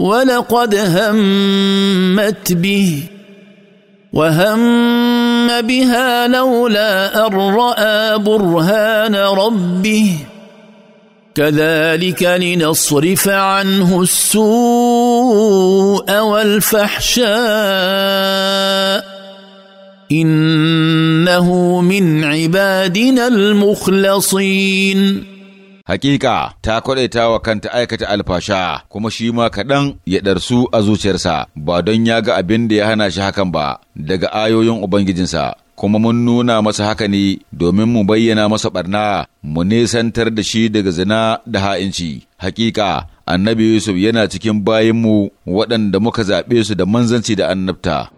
ولقد همت به وهم بها لولا ان راى برهان ربه كذلك لنصرف عنه السوء والفحشاء انه من عبادنا المخلصين hakika ta kwadaita wa kanta aikata alfasha kuma shi ma kaɗan ya ɗarsu a zuciyarsa ba don ya ga abin da ya hana shi hakan ba daga ayoyin ubangijinsa kuma mun nuna masa haka ne domin mu bayyana masa ɓarna mu nesantar da shi daga zina da ha'inci hakika annabi yusuf yana cikin bayanmu waɗanda muka zaɓe su da manzanci da annabta